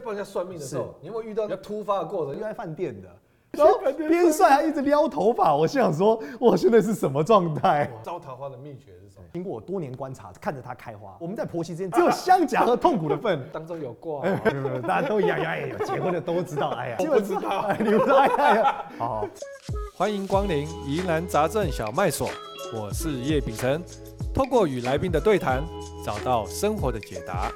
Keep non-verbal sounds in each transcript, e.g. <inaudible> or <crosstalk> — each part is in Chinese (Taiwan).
幫人算命的時候，因為遇到一個突發的過程，因為在飯店的，然後邊帥還一直撩頭髮，我心想說，我現在是什麼狀態？招、嗯、桃花的秘訣是什麼？經過我多年觀察，看着他開花。我們在婆媳之間只有相夾和痛苦的份、啊。當中有過、啊欸欸，大家都一樣，哎，有結婚的都知道，哎呀，就不知道，你們哎呀，好，好，歡迎光臨疑難雜症小賣所，我是葉丙成，通過與來賓的對談，找到生活的解答。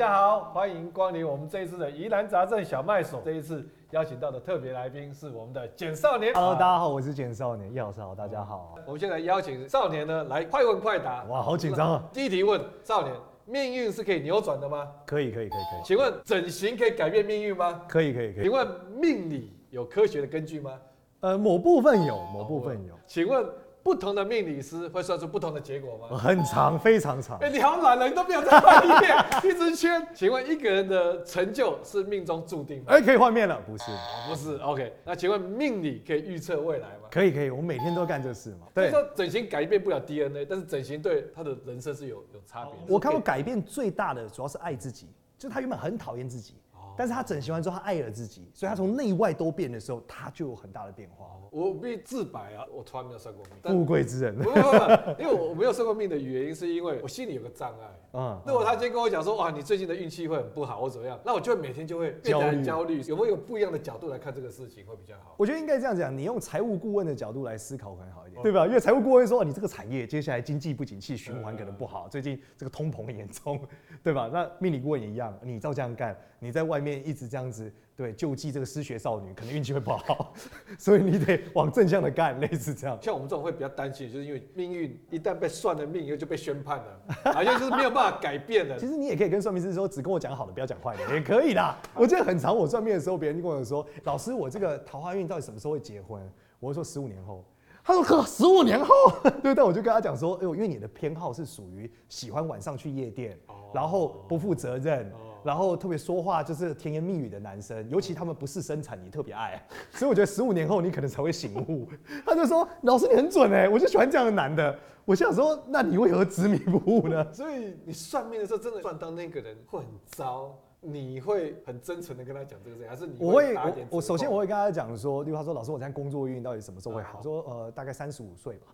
大家好，歡迎光臨我們這一次的疑難雜症小賣所。這一次邀請到的特別來賓是我們的簡少年。Hello，、啊、大家好，我是簡少年。葉老師好，大家好。嗯、我們現在邀請少年呢來快問快答。哇，好緊張啊！第一題問少年：命運是可以扭轉的嗎？可以，可以，可以，可以。請問整形可以改變命運嗎？可以，可以，可以。請問命理有科學的根據嗎？呃，某部分有，某部分有。哦、請問。嗯不同的命理師會算出不同的結果嗎？很長，非常長。哎、欸，你好懶了，你都沒有再換一遍， <laughs> 一直圈。請問一個人的成就是命中注定嗎？哎、欸，可以換面了，不是，不是。OK，那請問命理可以預測未來嗎？可以，可以。我每天都幹這事嘛？對。所以說，整形改變不了 DNA，但是整形對他的人生是有有差別的。我看我改變最大的，主要是愛自己，就他原本很討厭自己。但是他整形完之後，他愛了自己，所以他從內外都變的時候，他就有很大的變化好好。我必須自白啊，我從來沒有算過命，富貴之人。 <laughs> 因為我沒有算過命的原因，是因為我心裡有個障礙。嗯，如果他今天跟我講說，哇，你最近的運氣會很不好，或怎麼樣，那我就每天就會變得焦慮。焦慮，有沒有有不一樣的角度來看這個事情會比較好？我覺得應該這樣講，你用財務顧問的角度來思考很好。對吧？因為財務顧問說，啊，你這個產業接下來經濟不景氣，循環可能不好，最近這個通膨很嚴重，對吧？那命理顧問也一樣，你照這樣幹，你在外面一直這樣子，對，救濟這個失學少女，可能運氣會不好，所以你得往正向的幹，類似這樣。像我們這種會比較擔心，就是因為命運一旦被算了命，以後就被宣判了， <laughs> 好像就是沒有辦法改變了。其實你也可以跟算命師說，只跟我講好的，不要講壞的，也可以啦。我記得很常，我算命的時候，別人就跟我說，老師，我這個桃花運到底什麼時候會結婚？我會說十五年後。他說：“十五年後， <laughs> 對。”但我就跟他講說：“哎，因為你的偏好是屬於喜歡晚上去夜店，oh, 然後不負責任，oh. 然後特別說話就是甜言蜜語的男生，oh. 尤其他們不是生產你特別愛，所以我覺得十五年後你可能才會醒悟。 <laughs> ”他就說：“老師，你很準哎、欸，我就喜歡這樣的男的。”我想說：“那你為何執迷不悟呢？”所以你算命的時候真的算到那個人會很糟。你會很真誠的跟他講這個事情，還是你？我會我，我首先我會跟他講說，例如他說：“老師，我現在工作運到底什麼時候會好？” uh. 說：“呃，大概三十五歲吧。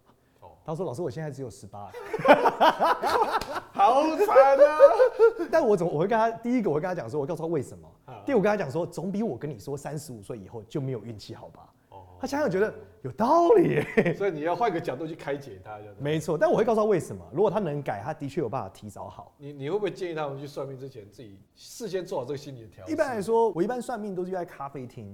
哦、oh.，他說：“老師，我現在只有十八。”哈哈哈好慘慘啊！ <laughs> 但我怎麼我會跟他第一個我會跟他講說，我告訴他為什麼。啊、uh.。第五跟他講說，總比我跟你說三十五歲以後就沒有運氣，好吧？他想想覺得有道理耶、嗯，所以你要換個角度去開解他。沒錯，但我會告訴他為什麼。如果他能改，他的確有辦法提早好。你你會不會建議他們去算命之前自己事先做好這個心理的調適？一般來說，我一般算命都是在咖啡廳，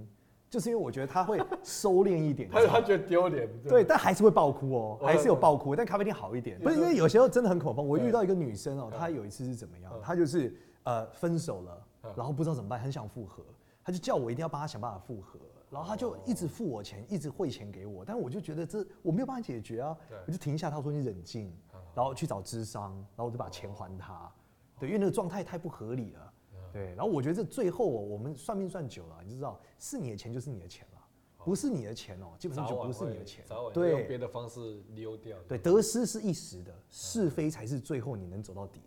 就是因為我覺得他會收斂一點。 <laughs> 他他覺得丟臉，對，但還是會爆哭哦、喔，還是有爆哭。嗯、但咖啡廳好一點，不是因為有時候真的很恐慌。我遇到一個女生哦、喔，她有一次是怎麼樣？她、嗯、就是呃分手了、嗯，然後不知道怎麼辦，很想復合，她就叫我一定要幫他想辦法復合。然後他就一直付我錢，一直匯錢給我，但是我就覺得這我沒有辦法解決啊，我就停下，他說你冷靜、嗯，然後去找諮商，然後我就把錢還他，啊、對，因為那個狀態太不合理了、啊，對，然後我覺得這最後、哦、我們算命算久了，你就知道是你的錢就是你的錢了，不是你的錢哦，啊、基本上就不是你的錢，早晚對用別的方式溜掉對，對，得失是一時的，是非才是最後你能走到底。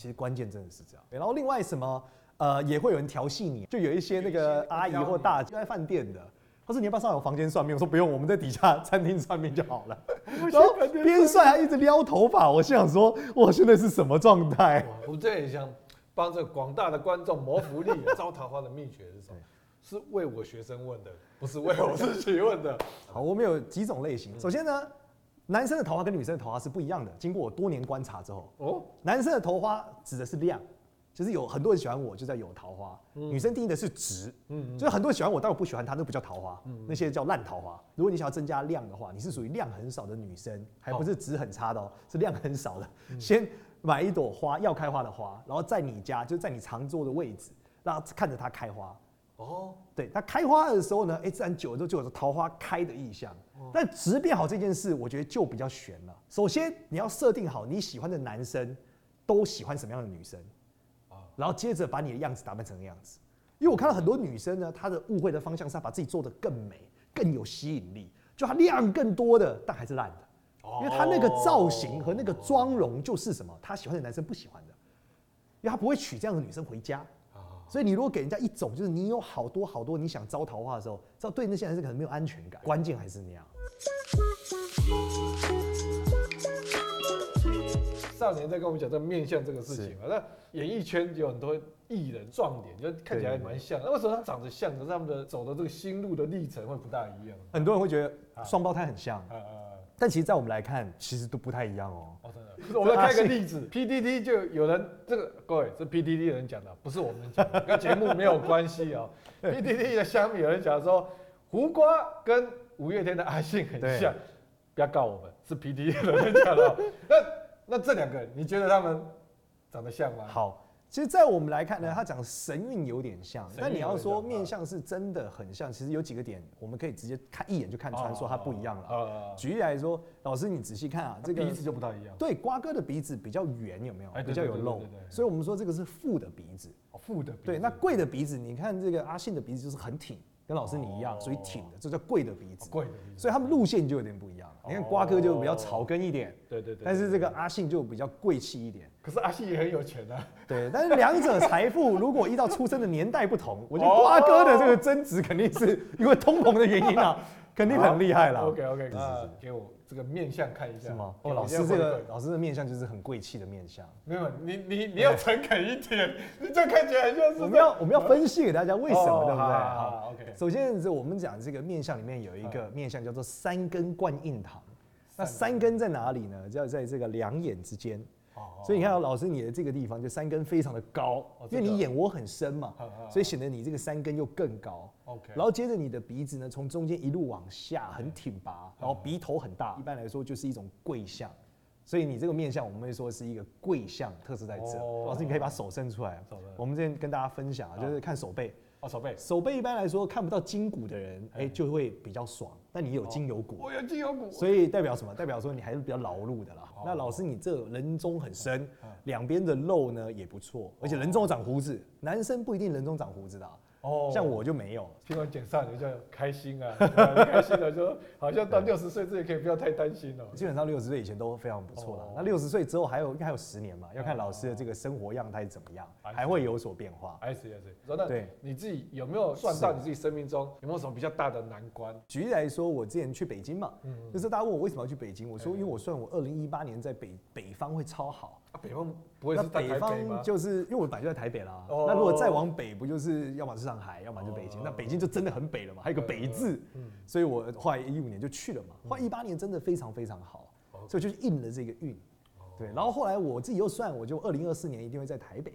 其實關鍵真的是這樣，然後另外什麼，呃，也會有人調戲你，就有一些那個阿姨或大姐在飯店的，他說你要不要上我房間算命？我說不用，我們在底下餐廳算命就好了。 <laughs> 然後邊帥還一直撩頭髮，我心想說，哇，現在是什麼狀態？我在想幫着廣大的觀眾謀福利， <laughs> 招桃花的秘訣是什麼？是為我學生問的，不是為我自己問的。 <laughs> 好，我們有幾種類型，首先呢。嗯男生的桃花跟女生的桃花是不一樣的。經過我多年觀察之後，哦，男生的桃花指的是量，就是有很多人喜歡我，就在有桃花，嗯。女生定義的是值，嗯，嗯，就是很多人喜歡我，但我不喜歡他，那不叫桃花，嗯嗯，那些叫爛桃花。如果你想要增加量的話，你是屬於量很少的女生，還不是值很差的，喔，哦，是量很少的。先買一朵花，要開花的花，然後在你家，就在你常坐的位置，讓他看着它開花。哦，對，它開花的時候呢，哎、欸，自然久了就有桃花開的意象。但質變好這件事，我覺得就比較玄了。首先，你要設定好你喜歡的男生都喜歡什麼樣的女生，然後接着把你的樣子打扮成那樣子。因為我看到很多女生呢，她的誤會的方向是她把自己做得更美、更有吸引力，就她量更多的，但還是爛的。因為她那個造型和那個妝容就是什麼，她喜歡的男生不喜歡的，因為他不會娶這樣的女生回家。所以你如果給人家一種，就是你有好多好多你想招桃花的時候，這對那些人是可能沒有安全感。關鍵還是那樣。少年在跟我們講這面相這個事情嘛，那演藝圈有很多藝人撞臉，就看起來蠻像。那為什麼他長得像，可是他們的走的這個心路的歷程會不大一樣？很多人會覺得雙胞胎很像。啊啊啊啊但其實，在我們來看，其實都不太一樣哦、喔。哦，真的，是我們來看一個例子，PDD 就有人這個各位，是 PDD 人講的，不是我們講的，跟 <laughs> 節目沒有關係哦、喔。 <laughs> PDD 的下面有人講說，胡瓜跟五月天的阿信很像，不要告我們，是 PDD 的人講的、喔 <laughs> 那。那那這兩個，你覺得他們長得像嗎？好。其實，在我們來看呢，他講神韻有點像，但你要說面相是真的很像。其實有幾個點，我們可以直接看一眼就看穿，說他不一樣了。舉例來說，老師你仔細看啊，這個鼻子就不太一樣。對，瓜哥的鼻子比較圓，有沒有？比較有肉。對。所以我們說這個是富的鼻子。富的。對，那貴的鼻子，你看這個阿信的鼻子就是很挺，跟老師你一樣，所以挺的，這叫貴的鼻子。貴的。所以他們路線就有點不一樣。你看瓜哥就比較草根一點、哦，對對對，但是這個阿信就比較貴氣一點。可是阿信也很有錢啊。對，但是兩者財富如果依照出生的年代不同，我覺得瓜哥的這個增值肯定是因為通膨的原因啊。肯定很厲害啦、ah, OK OK，給我這個面相看一下。是嗎？哦、欸，老師這個乖乖老師的面相就是很貴氣的面相。沒有，你你你要誠懇一點，你這看起來很像是這樣，我們要我們要分析給大家為什麼，哦、對不對？哦啊、好，好，OK。首先是我們講這個面相裡面有一個、嗯、面相叫做三根貫印堂，那、嗯、三根在哪裡呢？就要在這個兩眼之間。所以你看到老師，你的這個地方就山根非常的高，因為你眼窩很深嘛，所以顯得你這個山根又更高。然後接着你的鼻子呢，從中間一路往下，很挺拔，然後鼻頭很大，一般來說就是一種貴相，所以你這個面相我們會說是一個貴相，特色在這。老師，你可以把手伸出來，我們這邊跟大家分享啊，就是看手背。哦，手背，手背一般來說看不到筋骨的人，哎、嗯、欸，就會比較爽。但你有筋有骨。哦，我有筋有骨，所以代表什麼？代表說你還是比較勞碌的啦。哦，那老師，你這人中很深，兩、哦、邊的肉呢也不錯，而且人中長鬍子。哦，男生不一定人中長鬍子的啊。哦、oh，像我就沒有，聽完講上，你就開心啊， <laughs> 很開心的，說好像到六十歲這也可以不要太擔心了、喔。基本上六十歲以前都非常不錯了，oh. 那六十歲之後還有應該還有十年嘛，oh. 要看老師的這個生活樣態怎麼樣，oh. 還會有所變化。哎，I see, I see.、so, 對，那你自己有沒有算到你自己生命中有沒有什麼比較大的難關？舉例來說，我之前去北京嘛，嗯，嗯，就是大家問我為什麼要去北京，我說因為我算我二零一八年在北北方會超好。啊、北方不會是在台北？那北方就是因為我本來就在台北啦、啊 oh。那如果再往北，不就是要麼是上海，要麼就北京、oh。那北京就真的很北了嘛，還有一個北字。所以我後來一五年就去了嘛。後來一八年真的非常非常好，所以就是應了這個運。對，然後後來我自己又算，我就二零二四年一定會在台北。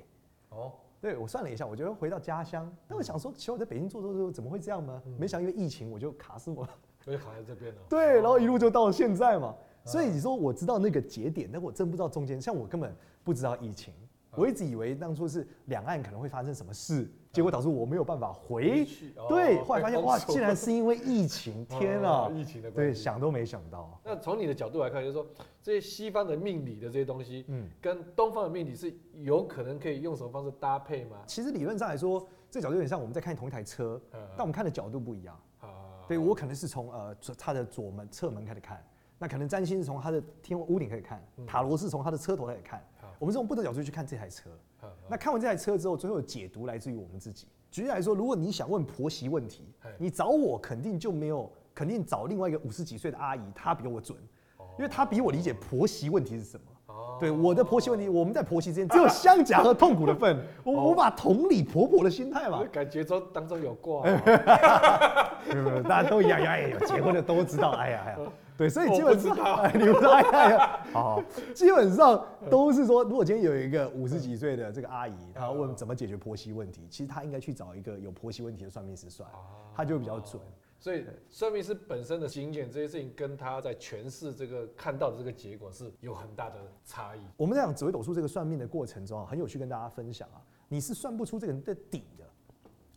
哦，對我算了一下，我覺得回到家鄉。但我想說，其實我在北京做做做，做，怎麼會這樣呢？沒想到因為疫情，我就卡死我了。我就卡在這邊了。對，然後一路就到現在嘛。所以你說我知道那個節點，但我真不知道中間。像我根本不知道疫情，我一直以為當初是兩岸可能會發生什麼事、嗯，結果導致我沒有辦法回,回去。對、哦，後來發現哇，竟然是因為疫情！哦、天啊，疫情的關係。對，想都沒想到。那從你的角度來看，就是說這些西方的命理的這些東西，嗯，跟東方的命理是有可能可以用什麼方式搭配嗎？其實理論上來說，這個、角度有點像我們在看同一台車，嗯、但我們看的角度不一樣。嗯、對、嗯，我可能是從呃，他的左門、側門開始看。嗯嗯那可能占星是從他的天文屋頂，可以看，嗯、塔羅是從他的車頭可以看。嗯、我們是從不同角度去看這台車，嗯嗯。那看完這台車之後，最後有解讀來自於我們自己。舉例來說，如果你想問婆媳問題，你找我肯定就沒有，肯定找另外一個五十幾歲的阿姨，嗯，她比我準，哦，因為她比我理解婆媳問題是什麼。哦，對，哦、我的婆媳問題，哦、我們在婆媳之間只有相夾和痛苦的份，啊。我、哦、我無法同理婆婆的心態嘛，感覺說當中有過，喔 <laughs> <laughs> 嗯。大家都一樣，哎呦，結婚的都知道，哎呀，哎呀。對，所以基本上不 <laughs> 你不知 <laughs> 好好基本上都是說，如果今天有一個五十幾歲的這個阿姨，她問怎麼解決婆媳問題，其實她應該去找一個有婆媳問題的算命師算，他就會比較準。哦、所以算命師本身的經驗，這些事情跟他在詮釋這個看到的這個結果是有很大的差異。我們在講紫微斗數這個算命的過程中啊，很有趣跟大家分享啊，你是算不出這個人的底的。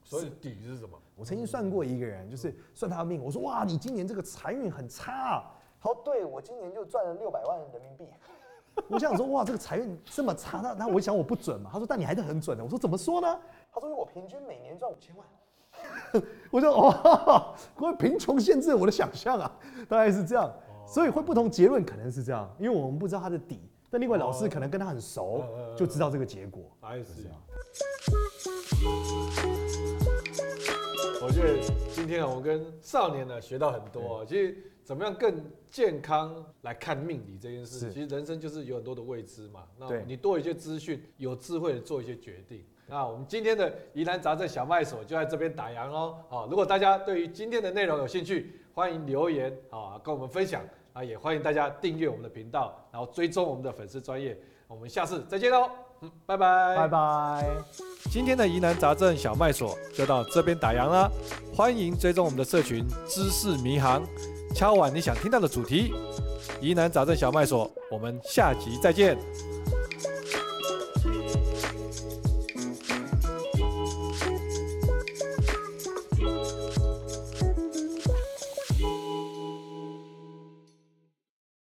所以底是什麼？我曾經算過一個人，就是算他的命。我說哇，你今年這個財運很差啊。他說對，我今年就賺了六百萬人民幣。 <laughs> 我想說哇，這個財運這麼差，那那我想我不準嘛。他說但你還是很準的。我說怎麼說呢？他說我平均每年賺五千萬。 <laughs> 我說哦，因貧窮限制我的想象啊，大概是這樣。所以會不同結論，可能是這樣，因為我們不知道他的底。但另外老師可能跟他很熟，嗯、就知道這個結果。是這樣。我覺得今天啊，我們，跟少年呢學到很多，就其實怎麼樣更健康來看命理這件事，其實人生就是有很多的未知嘛。那你多一些資訊，有智慧的做一些決定。那我們今天的疑難雜症小賣所就在這邊打烊嘍。好，如果大家對於今天的內容有興趣，歡迎留言啊，跟我們分享。啊，也歡迎大家訂閱我們的頻道，然後追蹤我們的粉絲專頁。我們下次再見嘍拜拜拜拜，今天的疑難雜症小賣所就到這邊打烊啦，歡迎追蹤我們的社群知識迷航，敲碗你想聽到的主題，疑難雜症小賣所，我們下集再見。